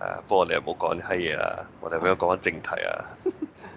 誒，不過你又唔好講啲閪嘢啦，我哋不如講翻正題啊。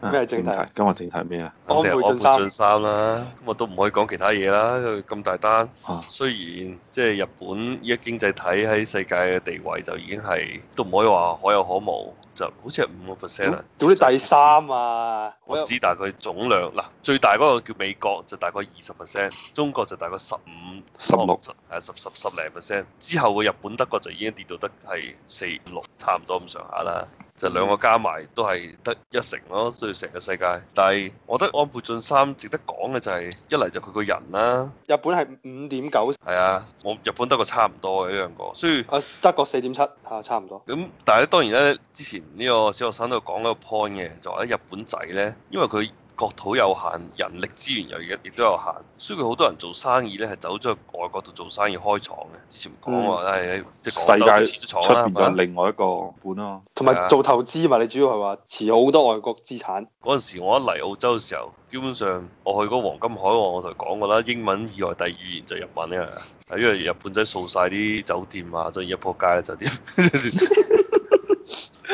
咩 正題？今日、啊、正題咩啊？我哋安倍、嗯、晉三啦，咁我都唔可以講其他嘢啦。咁大單，雖然即係、就是、日本依家經濟體喺世界嘅地位就已經係都唔可以話可有可無。就好似係五個 percent 啦，仲有啲第三啊，我知大概總量嗱，有最大嗰個叫美國就大概二十 percent，中國就大概十五、嗯、十六，係十十十零 percent，之後個日本德國就已經跌到得係四、六，差唔多咁上下啦，就兩個加埋都係得一成咯，所以成個世界。但係我覺得安倍晉三值得講嘅就係、是、一嚟就佢個人啦、啊，日本係五點九，係啊，我日本德國差唔多嘅呢兩個，所以啊德國四點七嚇，差唔多。咁但係咧當然咧之前。呢個小學生都講一個 point 嘅，就話、是、啲日本仔咧，因為佢國土有限，人力資源又亦都有限，所以佢好多人做生意咧，係走咗去外國度做生意開廠嘅。之前講話係世界始終出邊現吧另外一個本咯、啊。同埋做投資嘛，你主要係話持有好多外國資產。嗰陣、啊、時我一嚟澳洲嘅時候，基本上我去過黃金海岸，我就講過啦，英文以外第二言就日文咧、啊，因為日本仔掃晒啲酒店啊，就以一撲街咧就點？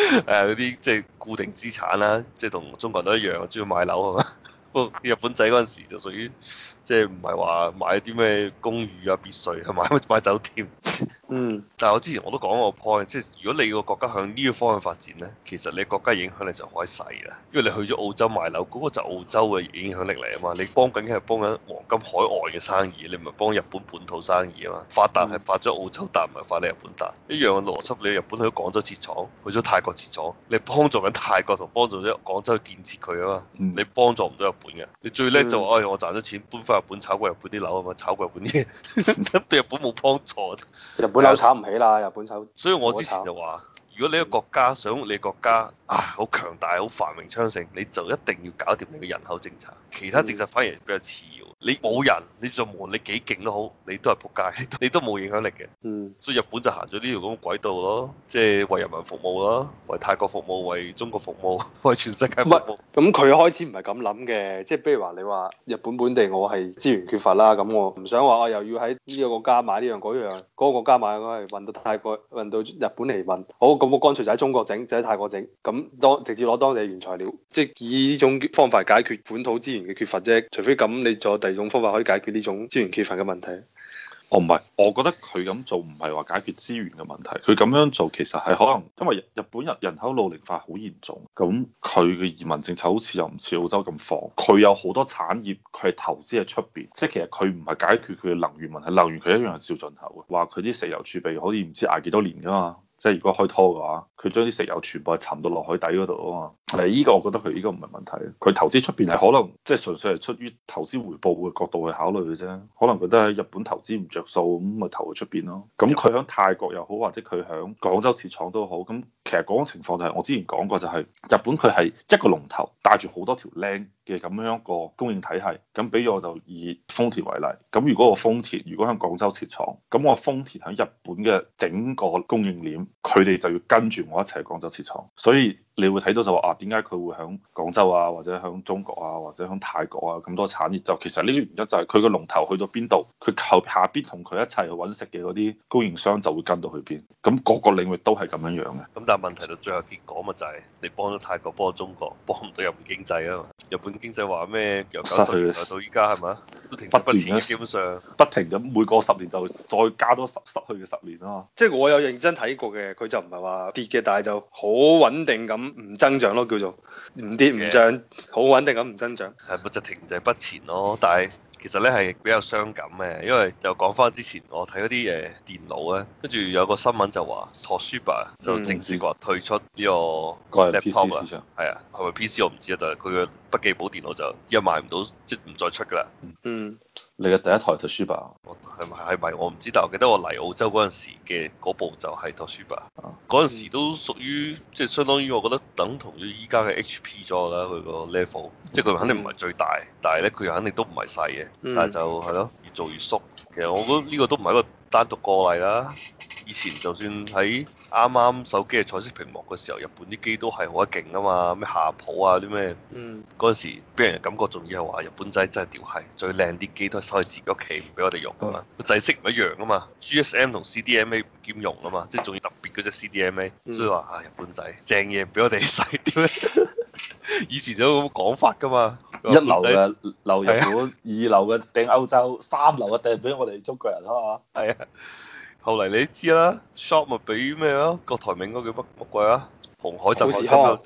誒，嗰啲即係固定資產啦、啊，即係同中國人都一樣。樣、啊，中意買樓係嘛？個日本仔嗰陣時就屬於即係唔係話買啲咩公寓啊、別墅啊，買買酒店。 嗯，但係我之前我都講過個 point，即係如果你個國家向呢個方向發展呢，其實你國家影響力就開始細啦，因為你去咗澳洲買樓，嗰、那個就澳洲嘅影響力嚟啊嘛，你幫緊嘅係幫緊黃金海外嘅生意，你唔係幫日本本土生意啊嘛，發達係發咗澳洲但唔係發你日本達，一樣嘅邏輯，你日本去咗廣州設廠，去咗泰國設廠，你幫助緊泰國同幫助咗廣州建設佢啊嘛，你幫助唔到日本嘅，你最叻就係、是嗯哎、我賺咗錢搬翻日本炒過日本啲樓啊嘛，炒過日本啲嘢，日本日本 對日本冇幫助。炒唔起啦，日本炒，所以我之前就話。如果你個國家想你個國家啊，好強大，好繁榮昌盛，你就一定要搞掂你嘅人口政策，其他政策反而比較次要。你冇人，你仲冇，你幾勁都好，你都係仆街，你都冇影響力嘅。嗯。所以日本就行咗呢條咁嘅軌道咯，即係為人民服務咯，為泰國服務，為中國服務，為全世界服務。唔係，咁佢開始唔係咁諗嘅，即係譬如話你話日本本地我係資源缺乏啦，咁我唔想話我又要喺呢個國家買呢樣嗰樣，嗰個國家買，我係運到泰國運到日本嚟運。好冇乾脆就喺中國整，就喺泰國整？咁當直接攞當地原材料，即係以呢種方法解決本土資源嘅缺乏啫。除非咁，你仲有第二種方法可以解決呢種資源缺乏嘅問題？我唔係，我覺得佢咁做唔係話解決資源嘅問題。佢咁樣做其實係可能，因為日本人人口老齡化好嚴重。咁佢嘅移民政策好似又唔似澳洲咁放。佢有好多產業，佢係投資喺出邊。即係其實佢唔係解決佢嘅能源問題，能源佢一樣係少進口嘅。話佢啲石油儲備好似唔知捱幾多年㗎嘛。即係如果開拖嘅話，佢將啲石油全部係沉到落海底嗰度啊嘛。呢依個我覺得佢呢個唔係問題，佢投資出邊係可能即係、就是、純粹係出於投資回報嘅角度去考慮嘅啫，可能佢都喺日本投資唔着數咁咪投去出邊咯。咁佢喺泰國又好，或者佢喺廣州設廠都好，咁其實嗰種情況就係、是、我之前講過就係、是、日本佢係一個龍頭帶住好多條靚嘅咁樣一個供應體系，咁比如我就以豐田為例，咁如果我豐田如果喺廣州設廠，咁我豐田喺日本嘅整個供應鏈，佢哋就要跟住我一齊廣州設廠，所以。你會睇到就話啊，點解佢會喺廣州啊，或者喺中國啊，或者喺泰國啊咁多產業？就其實呢啲原因就係佢個龍頭去到邊度，佢後下邊同佢一齊去搵食嘅嗰啲供應商就會跟到去邊。咁各個領域都係咁樣樣嘅。咁但係問題到最後結果咪就係，你幫咗泰國幫中國，幫唔到日本經濟啊嘛。日本經濟話咩去？由九十到依家係咪？不停，斷嘅基本上，不停咁每個十年就再加多十失去嘅十年咯。即係我有認真睇過嘅，佢就唔係話跌嘅，但係就好穩定咁。唔增長咯，叫做唔跌唔漲，好 Yeah. 穩定咁唔增長。係咪就停滯不前咯。但係其實咧係比較傷感嘅，因為又講翻之前我睇嗰啲誒電腦咧，跟住有個新聞就話，Toshiba 就正式話退出呢個 laptop 市場。係啊，係咪 P C 我唔知啊，但係佢嘅筆記簿電腦就又賣唔到，即係唔再出㗎啦。嗯。你嘅第一台 t o s h i 係咪係咪？我唔知，但我記得我嚟澳洲嗰陣時嘅嗰部就係 t o s h i 嗰陣時都屬於即係、就是、相當於我覺得等同於依家嘅 HP 咗啦，佢個 level，嗯、即係佢肯定唔係最大，但係咧佢肯定都唔係細嘅，嗯、但係就係咯，越做越縮。其實我覺得呢個都唔係一個單獨個例啦。以前就算喺啱啱手機嘅彩色屏幕嘅時候，日本啲機都係好得勁啊嘛！咩夏普啊啲咩、嗯，嗰陣時俾人感覺仲要係話日本仔真係屌係，最靚啲機都係收喺自己屋企唔俾我哋用啊嘛！個制式唔一樣啊嘛，GSM 同 CDMA 唔兼容啊嘛，即係仲要特別嗰隻 CDMA，所以話啊日本仔正嘢唔俾我哋使， 以前有咁講法噶嘛，一流嘅留日本，是啊、二流嘅掟歐洲，三流嘅掟俾我哋中國人啊嘛，係啊。後嚟你都知啦，shop 咪俾咩咯？郭台銘個叫乜乜鬼啊？鴻海集死啊！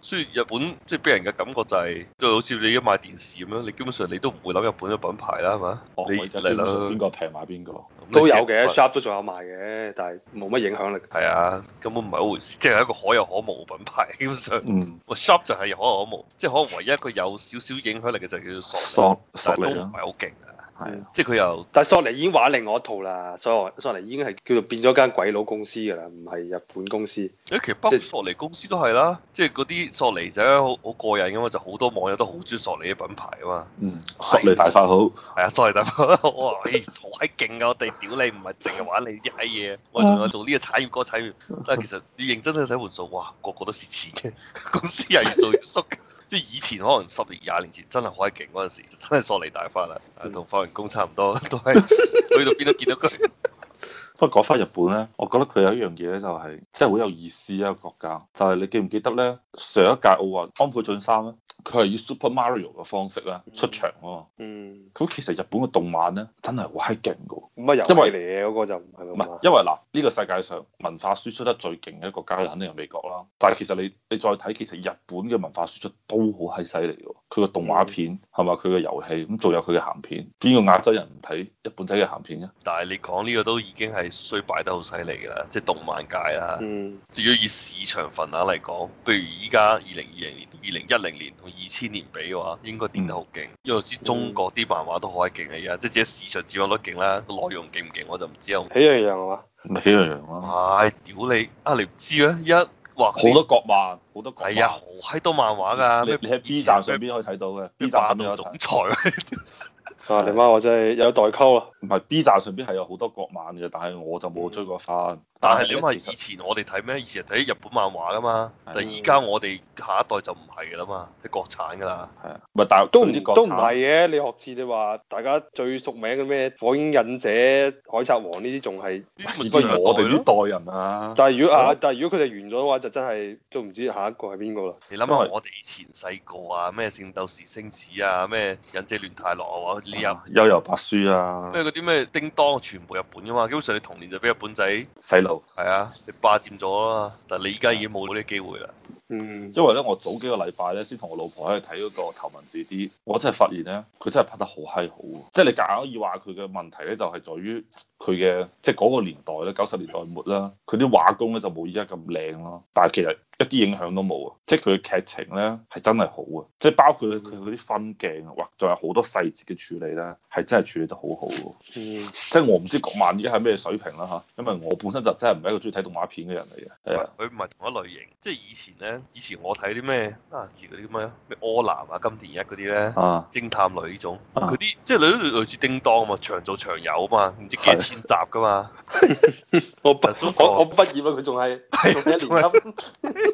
所以日本即係俾人嘅感覺就係，即係好似你而家買電視咁樣，你基本上你都唔會諗日本嘅品牌啦，係嘛？你嚟諗邊個平買邊個？都有嘅，shop 都仲有賣嘅，但係冇乜影響力。係啊，根本唔係一回事，即係一個可有可無嘅品牌，基本上。嗯。個 shop 就係可有可無，即係可能唯一一個有少少影響力嘅就係叫做 shop，但係都唔係好勁啊。嗯、即係佢又，但索尼已經玩另外一套啦，所索尼已經係叫做變咗間鬼佬公司㗎啦，唔係日本公司。誒，其實不索尼公司都係啦，即係嗰啲索尼仔好好過癮㗎嘛，就好多網友都好鍾意索尼嘅品牌㗎嘛。嗯、是索尼大法好。係啊，索尼大法好哇！以前好閪勁啊，我哋屌你唔係淨係玩你啲嘢， 我仲有做呢個產業嗰產業。但係其實你認真去睇盤數，哇，個個都蝕錢嘅，公司又越做越縮。即係以前可能十年、廿年前真係好閪勁嗰陣時，真係索尼大發啦，同 工差唔多，都係去到邊都見到佢。不過講翻日本咧，我覺得佢有一樣嘢咧，就係真係好有意思一個國家，就係、是、你記唔記得咧？上一屆奧運安倍晉三咧，佢係以 Super Mario 嘅方式咧出場啊嘛。嗯。咁其實日本嘅動漫咧，真係好閪勁噶。咁啊遊戲嚟嘅嗰個就唔係咯。唔係因為嗱，呢為個，這個世界上文化輸出得最勁嘅一個國家，肯定係美國啦。但係其實你你再睇，其實日本嘅文化輸出都好閪犀利㗎。佢個動畫片係嘛？佢個、嗯、遊戲咁，仲有佢嘅鹹片，邊個亞洲人唔睇日本仔嘅鹹片嘅？但係你講呢個都已經係。所以擺得好犀利㗎，即係動漫界啦。嗯，至於以市場份額嚟講，譬如依家二零二零年、二零一零年同二千年比嘅話，應該跌得好勁。嗯、因為我知中國啲漫畫都好閪勁啊，而家即係只係市場佔有率勁啦，個內容勁唔勁我就唔知啦。喜羊羊啊？咪喜羊羊咯。係，屌你啊！你唔知啊？一話好多國漫，好多國漫。係啊、哎，好閪多漫畫㗎你。你喺 B 站上邊可以睇到嘅。B 站都有總裁。 但係你話我即係有代溝啊，唔係 B 站上邊係有好多國漫嘅，但係我就冇追過翻。但係你諗下，以前我哋睇咩？以前睇日本漫畫噶嘛，就係而家我哋下一代就唔係㗎啦嘛，睇國產㗎啦。係啊，咪但都唔都唔係嘅。你學似你話，大家最熟名嘅咩《火影忍者》《海賊王》呢啲仲係我哋呢代人啊。但係如果啊，但係如果佢哋完咗嘅話，就真係都唔知下一個係邊個啦。你諗下，我哋以前細個啊，咩《聖鬥士星矢》啊，咩《忍者亂太郎》啊，悠遊白書啊，咩嗰啲咩叮當，全部日本噶嘛，基本上你童年就俾日本仔細路，係子啊，你霸佔咗啦。但係你依家已經冇咗啲機會啦。嗯，因為咧我早幾個禮拜咧先同我老婆喺度睇嗰個頭文字 D，我真係發現咧佢真係拍得好閪好喎。即係你夾硬要話佢嘅問題咧，就係在於佢嘅即係嗰個年代啦，九十年代末啦，佢啲畫工咧就冇依家咁靚咯。但係其實，一啲影響都冇啊！即係佢嘅劇情咧係真係好啊！即係包括佢嗰啲分鏡，哇！仲有好多細節嘅處理咧，係真係處理得好好嘅。嗯、即係我唔知國漫而家係咩水平啦嚇，因為我本身就真係唔係一個中意睇動畫片嘅人嚟嘅。係啊。佢唔係同一類型，即係以前咧，以前我睇啲咩阿哲嗰啲咁樣，咩、啊、柯南啊、金田一嗰啲咧，啊，偵探類呢種，佢啲、啊、即係類似叮當啊嘛，長做長有啊嘛，唔知幾多千集噶嘛。我畢 我不我畢業啦，佢仲係仲係一年級。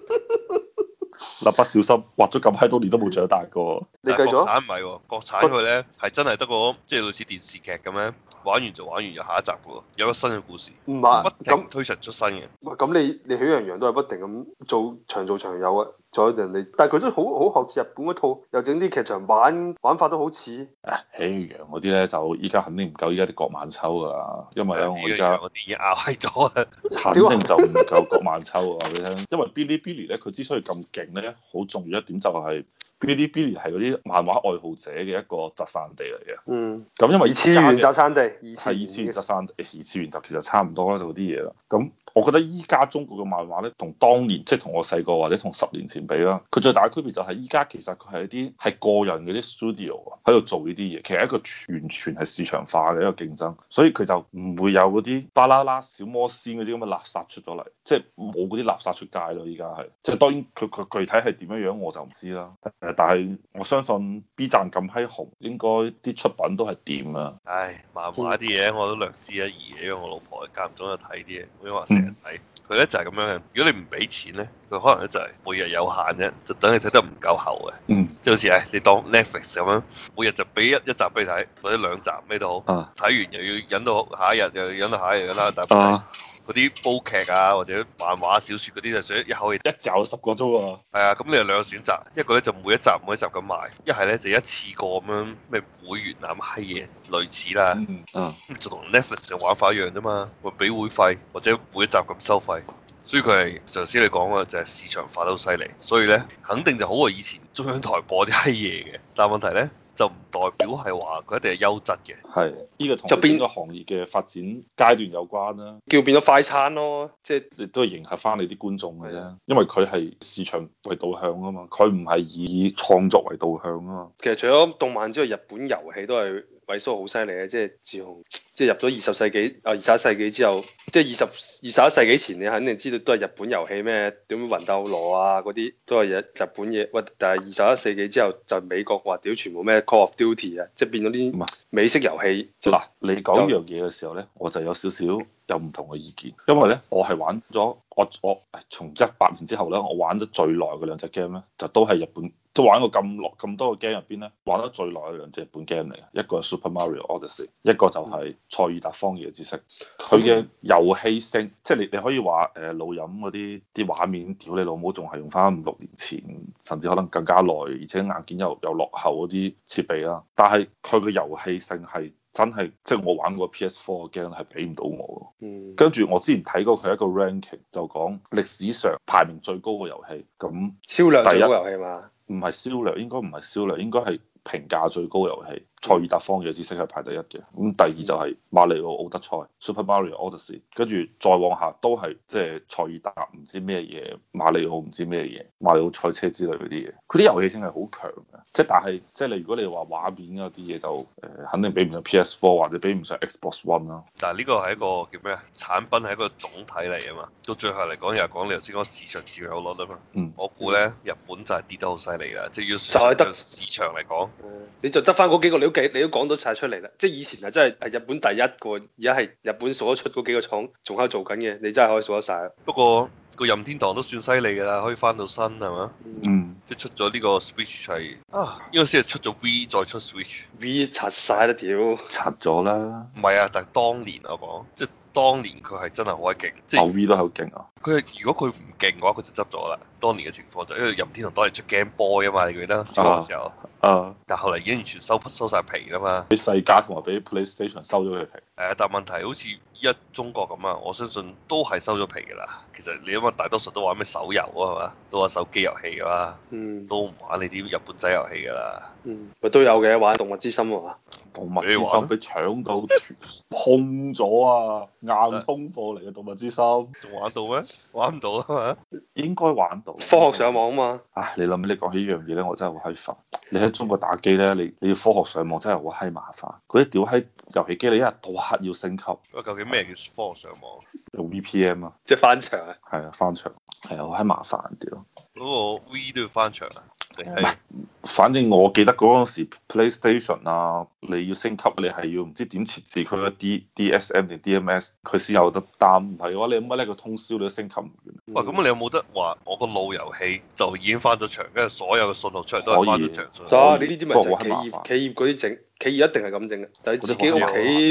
蠟筆小新畫咗咁閪多年都冇長大過，你計咗？國產唔係，國產佢咧，係真係得個即係類似電視劇咁樣，玩完就玩完，又下一集噶有個新嘅故事，唔係咁推陳出新嘅。喂，咁你你喜羊羊都係不停咁做長做長有啊？咗人哋，但係佢都好好好似日本嗰套，又整啲劇場版玩，玩法都好似喜羊羊嗰啲咧，就依家肯定唔夠依家啲國萬秋啊，因為咧我依家個電影壓低咗肯定就唔夠國萬秋啊！你聽麼， 因為 Bilibili 咧，佢之所以咁勁咧，好重要一點就係、是。Bilibili 係嗰啲漫畫愛好者嘅一個集散地嚟嘅，嗯，咁因為以前二次元集散地係二次元集散，二次元集其實差唔多啦，就啲嘢啦。咁我覺得依家中國嘅漫畫咧，同當年即係同我細個或者同十年前比啦，佢最大嘅區別就係依家其實佢係一啲係個人嗰啲 studio 喺度做呢啲嘢，其實一個完全係市場化嘅一個競爭，所以佢就唔會有嗰啲巴啦啦小魔仙嗰啲咁嘅垃圾出咗嚟，即係冇嗰啲垃圾出街咯。依家係即係當然佢佢具體係點樣樣，我就唔知啦。但係我相信 B 站咁閪紅，應該啲出品都係掂啦。唉，漫畫啲嘢我都略知一二。嘅，因為我老婆間唔中又睇啲嘢，唔好話成日睇。佢咧、嗯、就係、是、咁樣嘅，如果你唔俾錢咧，佢可能咧就係每日有限啫，就等你睇得唔夠厚嘅。嗯，即係好似係你當 Netflix 咁樣，每日就俾一一集俾你睇，或者兩集咩都好，睇、啊、完又要忍到下一日，又要忍到下一日啦，大係。啊嗰啲煲劇啊，或者漫畫、小說嗰啲，就所以、是、一口氣一集有十個鐘啊。係啊，咁你有兩個選擇，一個咧就每一集每一集咁賣，一係咧就一次過咁樣咩會員咩閪嘢，類似啦，嗯，啊、就同 Netflix 嘅玩法一樣啫嘛，會俾會費或者每一集咁收費，所以佢係上次你講嘅就係、是、市場化得好犀利，所以咧肯定就好過以前中央台播啲閪嘢嘅，但係問題咧。就唔代表係話佢一定係優質嘅，係、這、呢個同邊個行業嘅發展階段有關啦。叫變咗快餐咯，即、就、亦、是、都係迎合翻你啲觀眾嘅啫。是的 因為佢係市場為導向啊嘛，佢唔係以創作為導向啊嘛。其實除咗動漫之外，日本遊戲都係。萎縮好犀利嘅，即係自從即係入咗二十世紀啊二十一世紀之後，即係二十二十一世紀前，你肯定知道都係日本遊戲咩？點樣魂鬥羅啊嗰啲都係日日本嘢。喂，但係二十一世紀之後就美國話屌全部咩 Call of Duty 啊，即係變咗啲美式遊戲。嗱、嗯啊，你講呢樣嘢嘅時候咧，我就有少少有唔同嘅意見，因為咧我係玩咗我我從一八年之後咧，我玩得最耐嘅兩隻 game 咧，就都係日本。都玩過咁耐咁多個 game 入邊咧，玩得最耐嘅兩隻本 game 嚟嘅，一個係 Super Mario Odyssey，一個就係《賽爾達荒野之息》。佢嘅遊戲性，即係你你可以話誒老蔥嗰啲啲畫面屌你老母，仲係用翻五六年前，甚至可能更加耐，而且硬件又又落後嗰啲設備啦。但係佢嘅遊戲性係真係，即係我玩過 PS Four 嘅 game 係俾唔到我。跟住我之前睇過佢一個 ranking，就講歷史上排名最高嘅遊戲，咁銷量最高嘅遊戲嘛。唔係銷量，應該唔係銷量，應該係評價最高遊戲。賽爾達方嘅知識係排第一嘅，咁第二就係馬里奧奧德賽 Super Mario Odyssey，跟住再往下都係即係賽爾達唔知咩嘢，馬里奧唔知咩嘢，馬里奧賽車之類嗰啲嘢，佢啲遊戲性係好強嘅，即係但係即係你如果你話畫面嗰啲嘢就誒、呃、肯定比唔上 PS4 或者比唔上 Xbox One 啦、啊。但係呢個係一個叫咩啊？產品係一個總體嚟啊嘛，到最後嚟講又係講你頭先講市場佔有率啦嘛。嗯。我估咧日本就係跌得好犀利啦，即係要就係得市場嚟講，得你就得翻嗰幾個你你都講到晒出嚟啦，即係以前係真係係日本第一個，而家係日本數得出嗰幾個廠仲喺度做緊嘅，你真係可以數得晒。不過個任天堂都算犀利㗎啦，可以翻到身係嘛？嗯，即係出咗呢個 Switch 係啊，呢個先係出咗 V 再出 Switch，V 拆晒啦屌！拆咗啦。唔係啊，但係當年我講，即係當年佢係真係好鬼勁，啊、即係舊 V 都好勁啊。佢如果佢唔勁嘅話，佢就執咗啦。當年嘅情況就因為任天堂當年出 Game Boy 啊嘛，你記得小學時候。啊、uh。Huh. Uh huh. 但後嚟已經完全收收曬皮啊嘛。俾世嘉同埋俾 PlayStation 收咗佢皮。誒，但問題好似依家中國咁啊，我相信都係收咗皮噶啦。其實你諗大多數都玩咩手遊啊嘛，都玩手機遊戲噶啦。嗯，嗯。都唔玩你啲日本仔遊戲噶啦。嗯。咪都有嘅，玩動物之心啊嘛。動物之心，佢搶到玩 碰咗啊，硬通貨嚟嘅動物之心。仲 玩到咩？玩唔到啊嘛，應該玩到。科學上網啊嘛。唉，你諗下，你講起呢樣嘢咧，我真係好閪煩。你喺中國打機咧，你你要科學上網真係好閪麻煩。嗰啲屌閪遊戲機，你一日到黑要升級。究竟咩叫科學上網？用 VPM 啊，即係翻牆啊。係啊，翻牆係啊，好閪麻煩屌。嗰個 V 都要翻牆啊！定係，嗯、反正我記得嗰陣時 PlayStation 啊，你要升級，你係要唔知點設置佢個 D, D S M 定 D M S，佢先有得擔。但唔係嘅話，你乜呢個通宵你都升級唔完。哇、嗯！咁你有冇得話，我個路由器就已經翻咗牆，跟住所有嘅信號出嚟都係翻咗牆。可以。你呢啲咪就企業企業嗰啲整。企業一定係咁整嘅，但自己屋企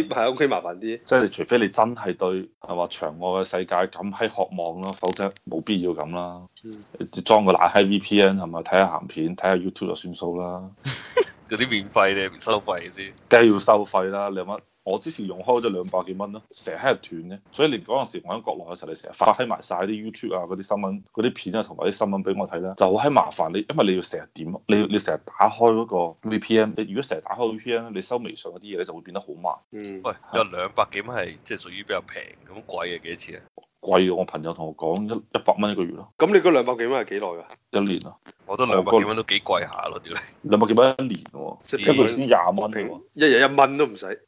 喺屋企麻煩啲。即係、嗯、除非你真係對係話場外嘅世界咁喺渴望咯，否則冇必要咁啦。嗯、你裝個懶閪 VPN 係咪？睇下鹹片，睇下 YouTube 就算數啦。嗰啲 免費你係唔收費先？梗係 要收費啦，你有乜？我之前用開咗兩百幾蚊咯，成日喺度斷嘅，所以連嗰陣時我喺國內嘅時候，你成日發閪埋晒啲 YouTube 啊嗰啲新聞、嗰啲片啊同埋啲新聞俾我睇啦，就好閪麻煩你。你因為你要成日點，你你成日打開嗰個 VPN，你如果成日打開個 VPN，你收微信嗰啲嘢咧就會變得好慢。嗯。喂，有兩百幾蚊係即係屬於比較平，咁貴嘅幾多錢啊？貴啊！我朋友同我講一一百蚊一個月咯。咁你嗰兩百幾蚊係幾耐啊？一年啊。我覺得兩百幾蚊都幾貴下咯，點解？兩百幾蚊一年喎，即係一個月先廿蚊，天一日一蚊都唔使。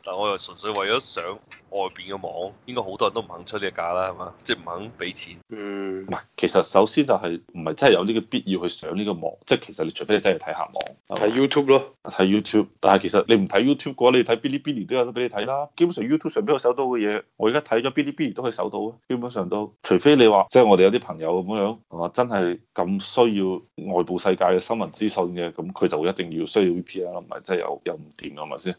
但我又純粹為咗上外邊嘅網，應該好多人都唔肯出呢個價啦，係嘛？即係唔肯俾錢。嗯。唔係，其實首先就係唔係真係有呢個必要去上呢個網，即係其實你除非你真係睇下網，睇 YouTube 咯，睇 YouTube。但係其實你唔睇 YouTube 嘅話，你睇 Bilibili 都有得俾你睇啦。基本上 YouTube 上邊我搜到嘅嘢，我而家睇咗 Bilibili 都可以搜到啊。基本上都，除非你話即係我哋有啲朋友咁樣，啊真係咁需要外部世界嘅新聞資訊嘅，咁佢就一定要需要 VPN 咯，唔係真係有又唔掂嘅，係咪先？